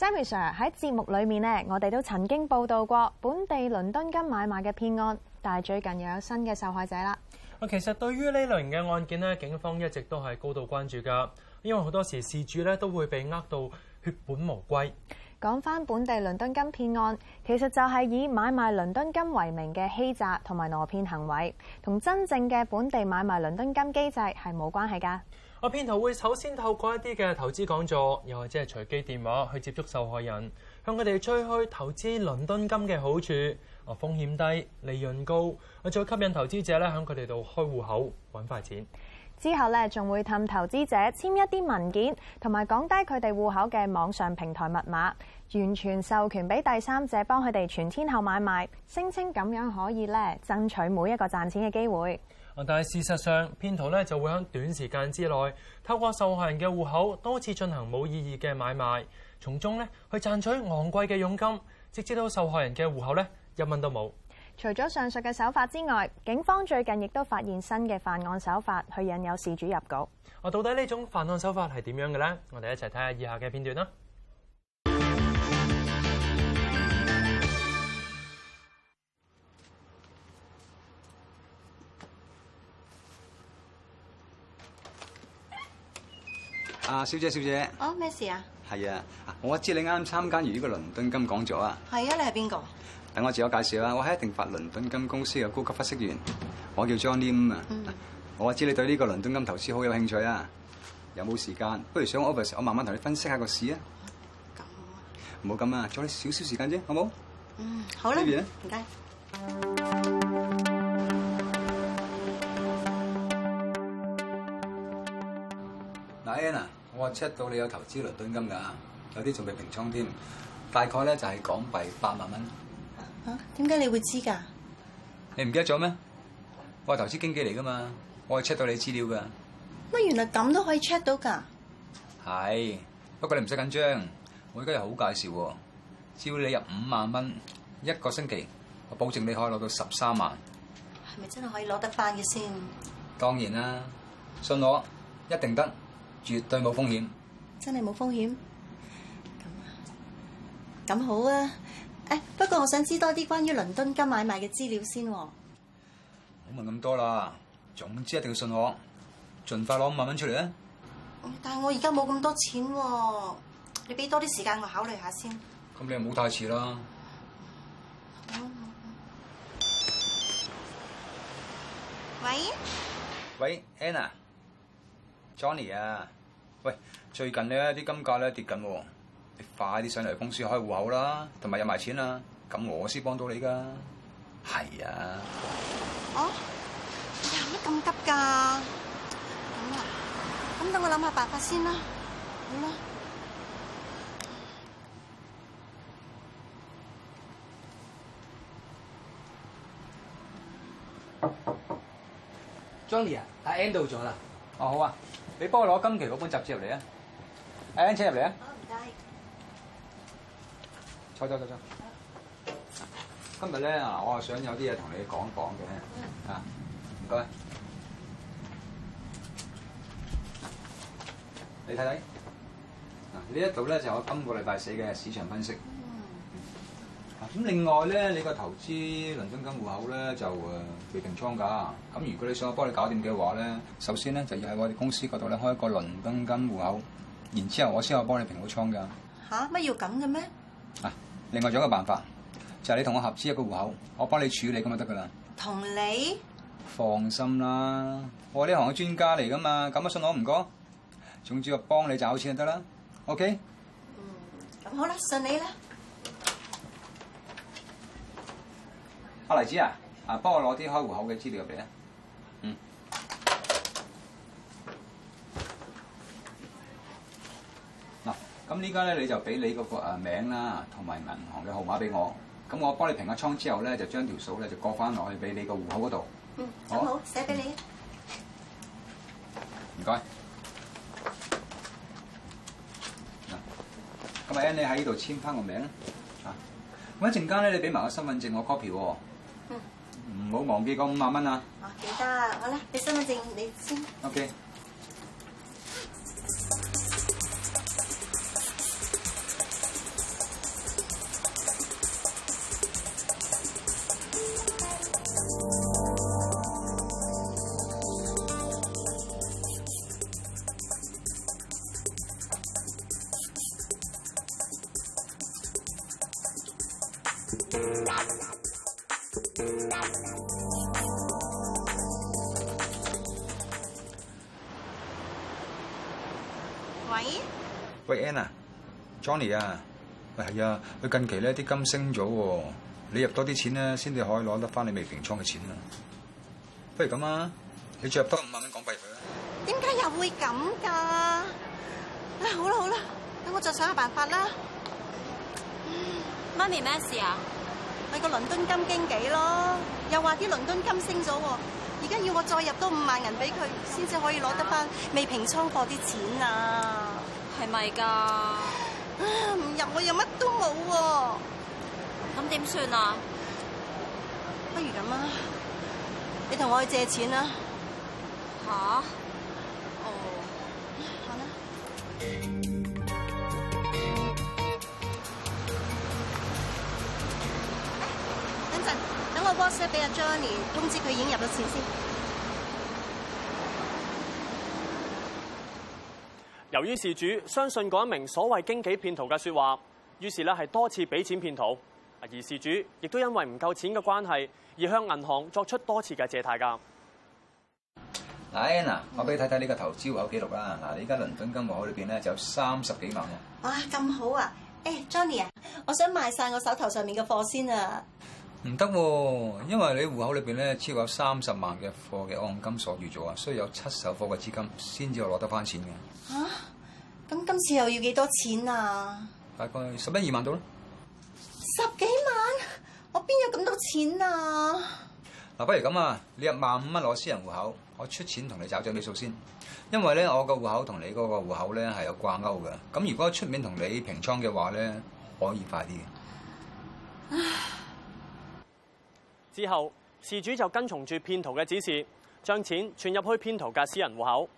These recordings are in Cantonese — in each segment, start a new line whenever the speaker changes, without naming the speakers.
Sammy Sir 喺節目裏面呢，我哋都曾經報道過本地倫敦金買賣嘅騙案，但係最近又有新嘅受害者啦。
啊，其實對於呢類型嘅案件呢，警方一直都係高度關注噶，因為好多時事主咧都會被呃到血本無歸。
講返本地倫敦金騙案，其實就係以買賣倫敦金為名嘅欺詐同埋訛騙行為，同真正嘅本地買賣倫敦金機制係冇關係噶。
我騙徒會首先透過一啲嘅投資講座，又或者隨機電話去接觸受害人，向佢哋吹噓投資倫敦金嘅好處，啊風險低，利潤高，再吸引投資者咧響佢哋度開戶口揾快錢。
之後咧仲會氹投資者簽一啲文件，同埋講低佢哋戶口嘅網上平台密碼。完全授權俾第三者幫佢哋全天候買賣，聲稱咁樣可以咧，爭取每一個賺錢嘅機會。
但係事實上，騙徒咧就會喺短時間之內，透過受害人嘅戶口多次進行冇意義嘅買賣，從中咧去賺取昂貴嘅佣金，直至到受害人嘅戶口咧一蚊都冇。
除咗上述嘅手法之外，警方最近亦都發現新嘅犯案手法去引誘事主入
局。到底呢種犯案手法係點樣嘅呢？我哋一齊睇下以下嘅片段啦。
啊，小姐，小姐，啊、哦，咩事啊？係啊，我知你啱啱參加完呢個倫敦金講座啊。
係啊，你係邊個？
等我自我介紹啊，我係一定發倫敦金公司嘅高級分析員，我叫 Johnny 啊、嗯。我知你對呢個倫敦金投資好有興趣啊。有冇時間？不如上 office，我慢慢同你分析下個市啊。咁啊，唔好咁啊，阻你少少時間啫，好冇好？嗯，
好啦。呢邊咧，
唔該。嚟啊！我 check 到你有投資倫敦金㗎，有啲仲未平倉添，大概咧就係港幣八萬蚊。嚇、
啊？點解你會知㗎？
你唔記得咗咩？我係投資經紀嚟㗎嘛，我係 check 到你資料㗎。
乜？原來咁都可以 check 到㗎？
係，不過你唔使緊張，我而家有好介紹喎，只要你入五萬蚊一個星期，我保證你可以攞到十三萬。
係咪真係可以攞得翻嘅先？
當然啦，信我一定得。絕對冇風，風險，
真係冇風險，咁好啊！誒，不過我想知多啲關於倫敦金買賣嘅資料先喎。
唔好問咁多啦，總之一定要信我，盡快攞五萬蚊出嚟啊！
但係我而家冇咁多錢喎，你俾多啲時間我考慮下先。
咁你又唔好太遲啦。
喂？
喂，Anna，Johnny 啊！喂，最近呢啲金價咧跌緊，你快啲上嚟公司開戶口啦，同埋入埋錢啦，咁我先幫到你㗎。係啊。哦，
有乜咁急㗎？好啦，咁等我諗下辦法先啦。
好啦。Johnny 啊，阿 Endo 咗啦。哦，好啊。你幫我攞今期嗰本雜誌入嚟啊！阿 En 請入嚟啊！唔、哦、該，坐坐，坐坐，坐。今日呢，我想有啲嘢同你講講嘅啊，唔該。你睇睇，呢一度呢，就是，我今個禮拜四嘅市場分析。嗯咁另外咧，你個投資倫敦金戶口咧就誒未平倉㗎。咁如果你想我幫你搞掂嘅話咧，首先咧就要喺我哋公司嗰度咧開一個倫敦金戶口，然之後我先可以幫你平好倉㗎。吓？
乜要咁嘅咩？
啊！另外仲有一個辦法，就係你同我合資一個戶口，我幫你處理咁就得㗎啦。
同你？
放心啦，我呢行嘅專家嚟㗎嘛，咁啊信我唔該。總之我幫你找好錢就得啦。OK？嗯，
咁好啦，信你啦。
阿、啊、黎子啊，啊，幫我攞啲開戶口嘅資料入嚟啊。嗯。嗱，咁呢家咧你就俾你個名啦，同埋銀行嘅號碼俾我。咁我幫你平個倉之後咧，就將條數咧就過翻落去俾你個戶口嗰度。嗯。
好，好，寫俾你。
唔、嗯、該。嗱，咁阿 An，你喺呢度簽翻個名啦。咁、啊、一陣間咧，你俾埋個身份證我 copy 喎、哦。嗯，唔好忘記講五萬蚊啊！
我記得，好啦，你身份證你先。
O K。Johnny 啊，喂係啊，佢近期咧啲金升咗，你多入多啲錢咧，先至可以攞得翻你未平倉嘅錢啊！不如咁啊，你再入多五萬蚊港幣佢啊？
點解又會咁噶？好啦好啦，等我再想下辦法啦、嗯。媽咪咩事啊？咪個倫敦金經紀咯，又話啲倫敦金升咗喎，而家要我再入多五萬銀俾佢，先至可以攞得翻未平倉過啲錢啊？係咪噶？唔入我又乜都冇喎、啊，咁點算啊？不如咁啦，你同我去借錢啦。吓、啊？哦。好啦。等陣，等我 WhatsApp 俾阿 Johnny 通知佢已經入咗錢先。
由於事主相信嗰一名所謂經紀騙徒嘅説話，於是咧係多次俾錢騙徒，而事主亦都因為唔夠錢嘅關係，而向銀行作出多次嘅借貸架。
嗱，安娜，我俾你睇睇呢個投資戶口記錄啦。嗱，你而家倫敦金戶口裏邊咧就有三十幾萬嘅。
哇，咁好啊！誒，hey，Johnny 啊，我想賣晒我手頭上面嘅貨先啊！
唔得喎，因為你戶口裏邊咧超過三十萬嘅貨嘅按金鎖住咗啊，需要有七手貨嘅資金先至可攞得翻錢嘅。嚇、
啊！咁今次又要幾多錢啊？
大概十一二萬到囉。
十幾萬？我邊有咁多錢啊？
嗱、啊，不如咁啊，你一萬五蚊攞私人戶口，我出錢同你找正你數先。因為咧，我個戶口同你嗰個戶口咧係有掛勾嘅。咁如果出面同你平倉嘅話咧，可以快啲嘅。之後，
事主就跟從住騙徒嘅指示，將錢存入去騙徒嘅私人戶口。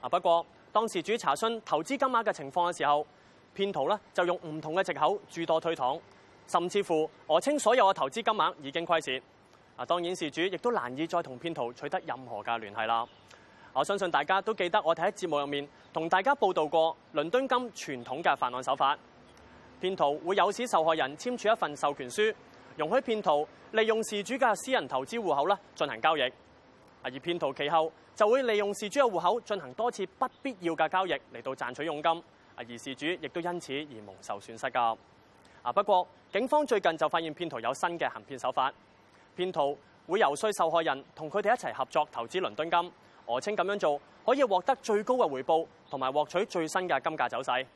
啊不過，當事主查詢投資金額嘅情況嘅時候，騙徒呢就用唔同嘅藉口諸多推搪，甚至乎訛稱所有嘅投資金額已經虧蝕。啊當然，事主亦都難以再同騙徒取得任何嘅聯繫啦。我相信大家都記得我哋喺節目入面同大家報道過，倫敦金傳統嘅犯案手法，騙徒會誘使受害人簽署一份授權書。容許騙徒利用事主嘅私人投資戶口咧進行交易，而騙徒其後就會利用事主嘅戶口進行多次不必要嘅交易嚟到賺取佣金，而事主亦都因此而蒙受損失㗎。啊不過警方最近就發現騙徒有新嘅行騙手法，騙徒會遊說受害人同佢哋一齊合作投資倫敦金，訛稱咁樣做可以獲得最高嘅回報同埋獲取最新嘅金價走勢。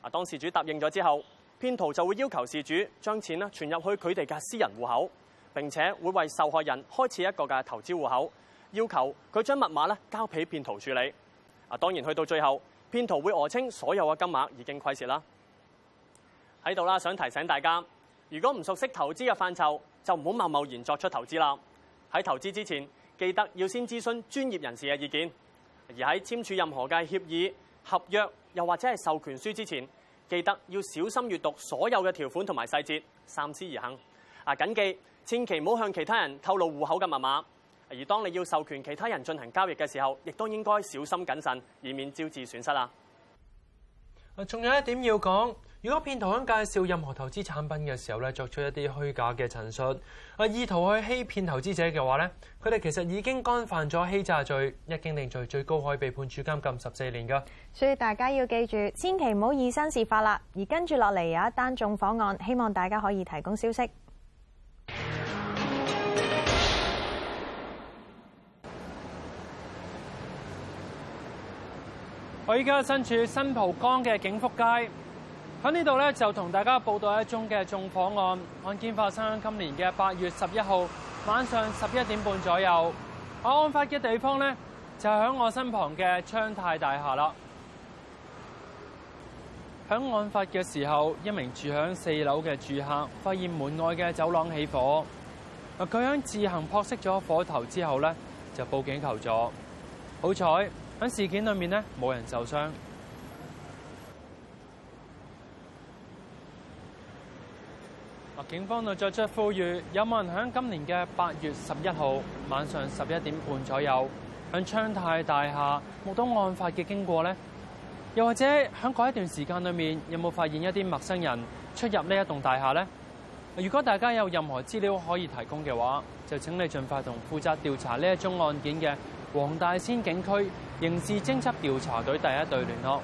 啊當事主答應咗之後。騙徒就會要求事主將錢呢存入去佢哋嘅私人戶口，並且會為受害人開設一個嘅投資戶口，要求佢將密碼呢交俾騙徒處理。啊，當然去到最後，騙徒會訛稱所有嘅金額已經虧蝕啦。喺度啦，想提醒大家，如果唔熟悉投資嘅範疇，就唔好貿貿然作出投資啦。喺投資之前，記得要先諮詢專業人士嘅意見，而喺簽署任何嘅協議、合約又或者係授權書之前。記得要小心閱讀所有嘅條款同埋細節，三思而行。啊，謹記千祈唔好向其他人透露戶口嘅密碼。而當你要授權其他人進行交易嘅時候，亦都應該小心謹慎，以免招致損失。啊，
仲有一點要講。如果騙徒喺介紹任何投資產品嘅時候咧，作出一啲虛假嘅陳述，啊，意圖去欺騙投資者嘅話咧，佢哋其實已經幹犯咗欺詐罪，一經定罪，最高可以被判處監禁十四年噶。
所以大家要記住，千祈唔好以身試法啦。而跟住落嚟有一單縱火案，希望大家可以提供消息。
我依家身處新蒲崗嘅景福街。喺呢度咧就同大家報道一宗嘅縱火案，案件發生喺今年嘅八月十一號晚上十一點半左右。案發嘅地方咧就喺我身旁嘅昌泰大廈啦。喺案發嘅時候，一名住喺四樓嘅住客發現門外嘅走廊起火，佢喺自行撲熄咗火頭之後咧就報警求助。好彩喺事件裏面呢，冇人受傷。警方度作出呼籲：有冇人喺今年嘅八月十一號晚上十一點半左右，喺昌泰大廈目睹案發嘅經過呢？又或者喺嗰一段時間裏面，有冇發現一啲陌生人出入呢一棟大廈呢？如果大家有任何資料可以提供嘅話，就請你盡快同負責調查呢一宗案件嘅黃大仙警區刑事偵緝調查隊第一隊聯絡。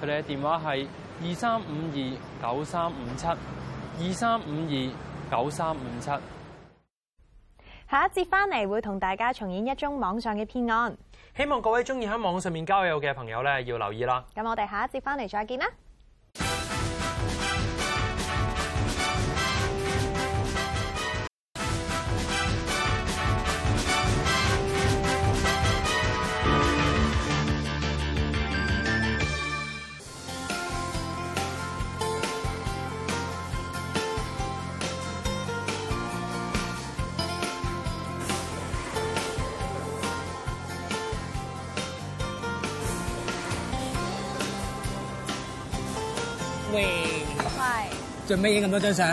佢哋嘅電話係二三五二九三五七。二三五二九三五七，
下一節翻嚟會同大家重演一宗網上嘅騙案，
希望各位中意喺網上面交友嘅朋友咧要留意啦。
咁我哋下一節翻嚟再見啦。
喂，喂，做咩影咁多張相？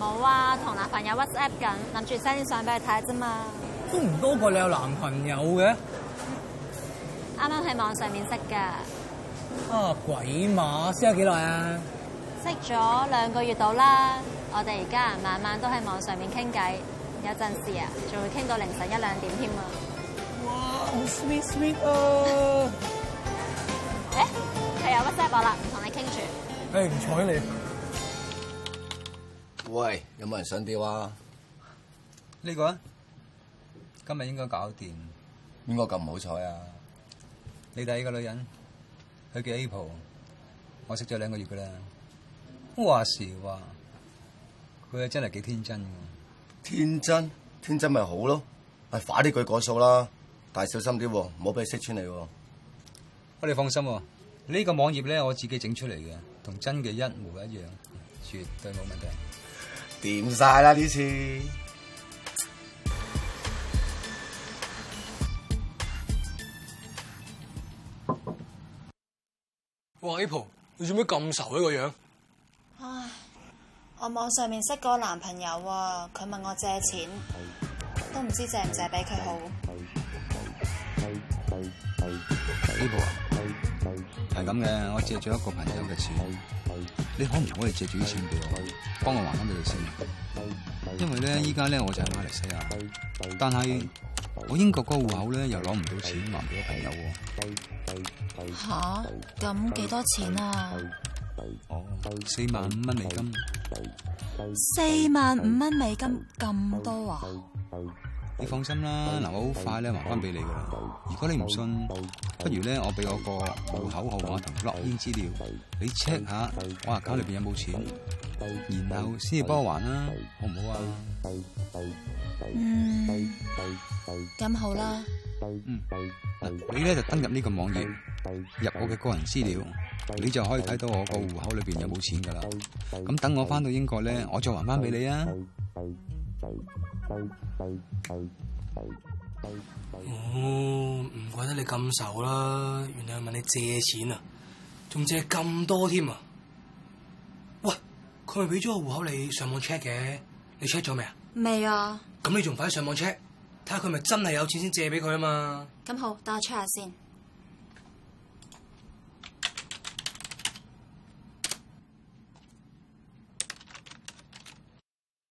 冇，啊，同男朋友 WhatsApp 緊，諗住 send 啲相俾你睇下啫嘛。
都唔多過你有男朋友嘅。
啱啱喺網上面識噶。
啊，鬼馬，識咗幾耐啊？
識咗兩個月到啦。我哋而家晚晚都喺網上面傾偈，有陣時啊，仲會傾到凌晨一兩點添啊。哇，好 sweet sweet 啊！誒、 欸，佢有 WhatsApp 我啦，唔同你傾住。
哎，唔睬你！喂，有冇人想吊啊？呢個啊，今日應該搞掂，應該咁唔好彩啊！你睇個女人，佢叫 Apple 我識咗兩個月噶啦。話時話，佢真係幾天真嘅。
天真，天真咪好咯，咪快啲佢過數啦。但係小心啲，唔好俾佢識穿你。喂
你放心，呢個網頁咧，我自己整出嚟嘅。同真嘅一模一樣，絕對冇問題。
掂晒啦，呢
次！哇 Apple，你做咩咁愁呢個樣？
唉，我網上面識個男朋友喎，佢問我借錢，都唔知借唔借俾佢好。
嗯，Apple 啊。係咁嘅，我借咗一個朋友嘅錢，你可唔可以借住啲錢俾我，幫我還翻俾你先？因為咧，依家咧我就係馬來西亞，但係我英國個戶口咧又攞唔到錢還俾個朋友喎啊。吓，
咁幾多錢啊？
哦，四萬五蚊美金。四萬五
蚊美金咁多啊？
你放心啦，嗱，我好快咧還翻俾你噶啦。如果你唔信，不如咧我俾我個戶口號碼同落英資料，你 check 下，我嗰卡裏邊有冇錢，然後先至幫我還啦，好唔好啊？嗯，咁好啦。嗯，嗱，你咧就登入呢個網頁，入我嘅個人資料，你就可以睇到我個戶口裏邊有冇錢噶啦。咁等我翻到英國咧，我再還翻俾你啊。我唔、哦、怪得你咁愁啦，原來係問你借錢啊，仲借咁多添啊！喂，佢咪俾咗個戶口你上網 check 嘅？你 check 咗未啊？未啊！咁你仲快啲上網 check，睇下佢咪真係有錢先借俾佢啊嘛！
咁好，等我 check 下先。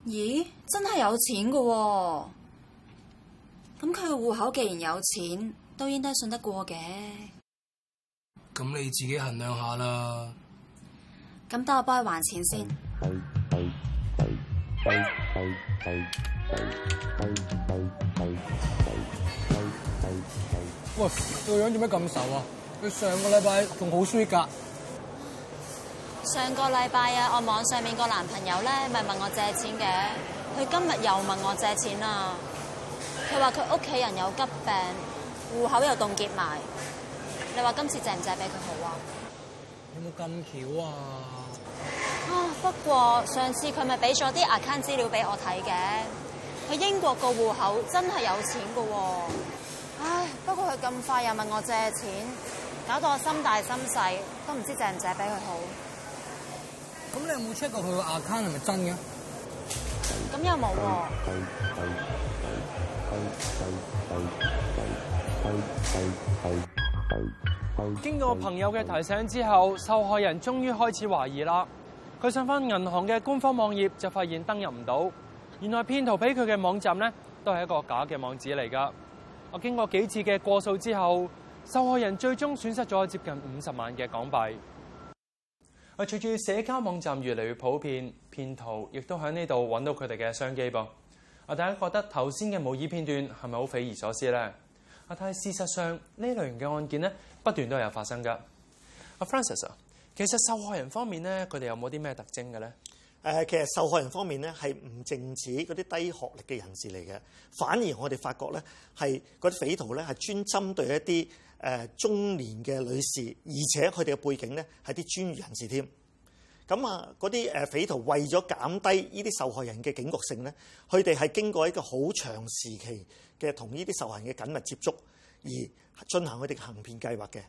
咦，真係有錢㗎喎、啊，咁佢嘅戶口既然有錢，都應該信得過嘅。
咁你自己衡量下啦。
咁等我幫佢還錢先。
喂，
個樣做咩咁愁啊？你上個禮拜仲好衰格
上個禮拜啊，我網上面個男朋友咧，咪問我借錢嘅。佢今日又問我借錢啦、啊。佢話佢屋企人有急病，戶口又凍結埋。你話今次借唔借俾佢好啊？
有冇咁巧啊？
啊，不過上次佢咪俾咗啲 account 資料俾我睇嘅。佢英國個戶口真係有錢噶、啊。唉，不過佢咁快又問我借錢，搞到我心大心細，都唔知借唔借俾佢好。咁你有冇
check 過佢個 account 係咪真嘅？咁又冇喎、啊。經過朋友嘅提醒之後，受害人終於開始懷疑啦。佢上翻銀行嘅官方網頁，就發現登入唔到。原來騙徒俾佢嘅網站呢都係一個假嘅網址嚟㗎。我經過幾次嘅過數之後，受害人最終損失咗接近五十萬嘅港幣。隨住社交網站越嚟越普遍，騙徒亦都喺呢度揾到佢哋嘅商機噃。啊，大家覺得頭先嘅模擬片段係咪好匪夷所思咧？啊，但係事實上呢類型嘅案件咧不斷都有
發生㗎。啊，Francis 啊，其實受害人方面咧，佢哋有冇啲咩特徵嘅咧？誒，其實受害人方面咧係唔淨止嗰啲低學歷嘅人士嚟嘅，反而我哋發覺咧係嗰啲匪徒咧係專針對一啲誒中年嘅女士，而且佢哋嘅背景呢，係啲專業人士添。咁啊，嗰啲誒匪徒為咗減低呢啲受害人嘅警覺性呢，佢哋係經過一個好長時期嘅同呢啲受害人嘅緊密接觸而進行佢哋嘅行騙計劃嘅。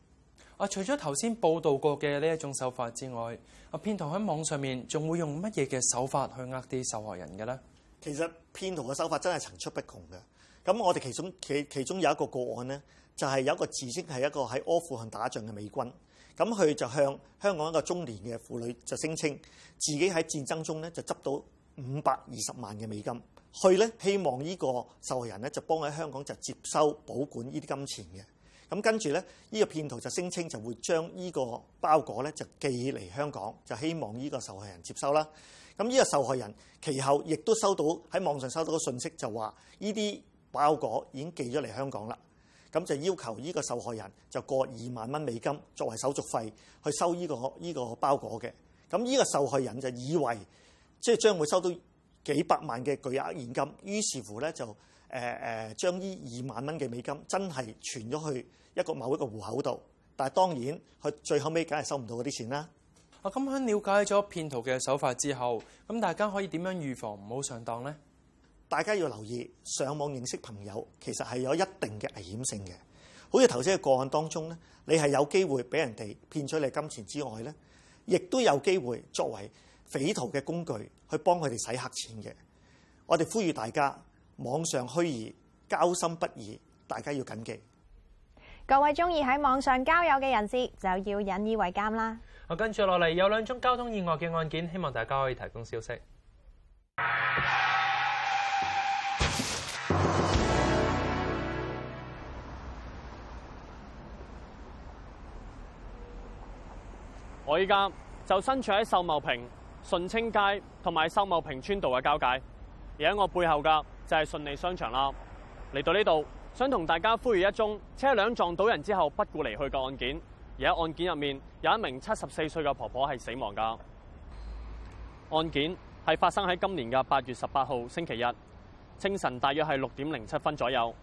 啊，除咗頭先報導過嘅呢一種手法之外，啊，騙徒喺網上面仲會用
乜嘢嘅手法去呃啲受害人嘅呢？其實騙徒嘅手法真係層出不窮嘅。咁我哋其中其其中有一個個案呢。就係、是、有個自稱係一個喺阿富汗打仗嘅美軍，咁佢就向香港一個中年嘅婦女就聲稱自己喺戰爭中咧就執到五百二十萬嘅美金，佢咧希望呢個受害人咧就幫喺香港就接收保管呢啲金錢嘅。咁跟住咧呢個騙徒就聲稱就會將呢個包裹咧就寄嚟香港，就希望呢個受害人接收啦。咁呢個受害人其後亦都收到喺網上收到個訊息，就話呢啲包裹已經寄咗嚟香港啦。咁就要求呢個受害人就過二萬蚊美金作為手續費去收呢個、呢個包裹嘅。咁呢個受害人就以為即係將會收到幾百萬嘅巨額現金，於是乎咧就誒誒、呃、將呢二萬蚊嘅美金真係存咗去一個某一個戶口度。但係當然佢最後尾梗係收唔到嗰啲錢啦。
啊，咁喺了解咗騙徒嘅手法之後，咁大家可以點樣預防唔好上當呢？
大家要留意，上網認識朋友其實係有一定嘅危險性嘅。好似頭先嘅個案當中呢，你係有機會俾人哋騙取你金錢之外呢，亦都有機會作為匪徒嘅工具，去幫佢哋洗黑錢嘅。我哋呼籲大家網上虛擬交心不易，大家要緊記。
各位中意喺網上交友嘅人士，就要引以為鑑啦。
我跟住落嚟有兩宗交通意外嘅案件，希望大家可以提供消息。
我依家就身處喺秀茂坪順清街同埋秀茂坪村道嘅交界，而喺我背後噶就係順利商場啦。嚟到呢度，想同大家呼籲一宗車輛撞到人之後不顧離去嘅案件。而喺案件入面，有一名七十四歲嘅婆婆係死亡噶。案件係發生喺今年嘅八月十八號星期日清晨，大約係六點零七分左右。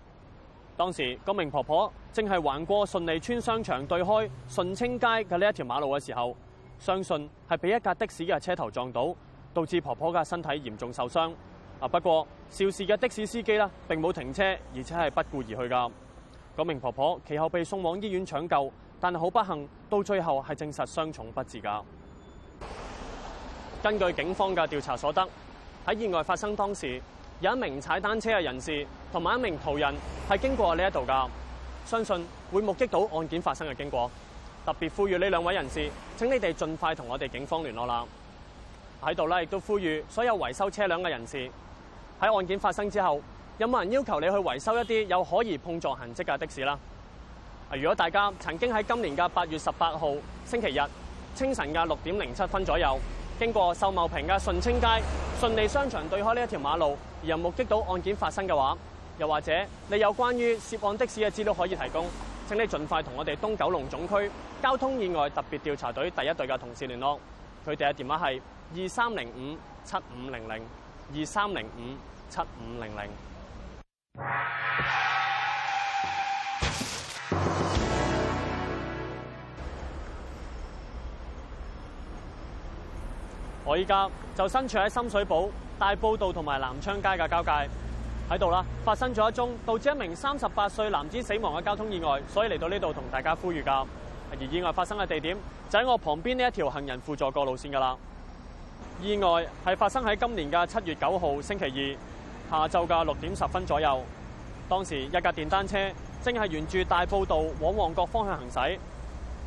當時，嗰名婆婆正係橫過順利村商場對開順清街嘅呢一條馬路嘅時候，相信係被一架的士嘅車頭撞到，導致婆婆嘅身體嚴重受傷。啊，不過肇事嘅的士司機呢，並冇停車，而且係不顧而去㗎。嗰名婆婆其後被送往醫院搶救，但好不幸，到最後係證實傷重不治㗎。根據警方嘅調查所得，喺意外發生當時，有一名踩單車嘅人士。同埋一名途人係經過呢一度噶，相信會目擊到案件發生嘅經過。特別呼籲呢兩位人士，請你哋盡快同我哋警方聯絡啦。喺度咧，亦都呼籲所有維修車輛嘅人士，喺案件發生之後，有冇人要求你去維修一啲有可疑碰撞痕跡嘅的士啦？啊，如果大家曾經喺今年嘅八月十八號星期日清晨嘅六點零七分左右，經過秀茂坪嘅順清街順利商場對開呢一條馬路，而又目擊到案件發生嘅話。又或者你有關於涉案的士嘅資料可以提供？請你盡快同我哋東九龍總區交通意外特別調查隊第一隊嘅同事聯絡。佢哋嘅電話係二三零五七五零零二三零五七五零零。我依家就身處喺深水埗大埔道同埋南昌街嘅交界。喺度啦，發生咗一宗導致一名三十八歲男子死亡嘅交通意外，所以嚟到呢度同大家呼籲㗎。而意外發生嘅地點就喺我旁邊呢一條行人輔助過路線㗎啦。意外係發生喺今年嘅七月九號星期二下晝嘅六點十分左右。當時一架電單車正係沿住大埔道往旺角方向行駛，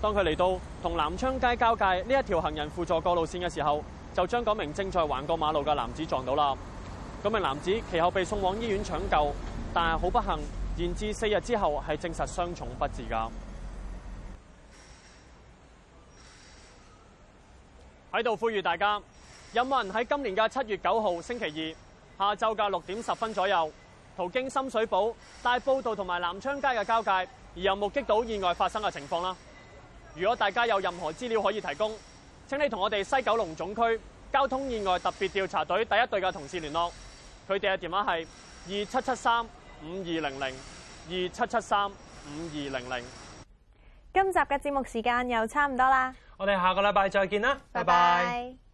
當佢嚟到同南昌街交界呢一條行人輔助過路線嘅時候，就將嗰名正在橫過馬路嘅男子撞到啦。嗰名男子其後被送往醫院搶救，但係好不幸，延至四日之後係證實傷重不治噶。喺度呼籲大家，有冇人喺今年嘅七月九號星期二下晝嘅六點十分左右，途經深水埗大埔道同埋南昌街嘅交界，而又目擊到意外發生嘅情況啦？如果大家有任何資料可以提供，請你同我哋西九龍總區交通意外特別調查隊第一隊嘅同事聯絡。佢哋嘅電話係二七七三五二零零二七七三五二零零。
今集嘅節目時間又差唔多啦，
我哋下個禮拜再見啦，拜拜。
Bye bye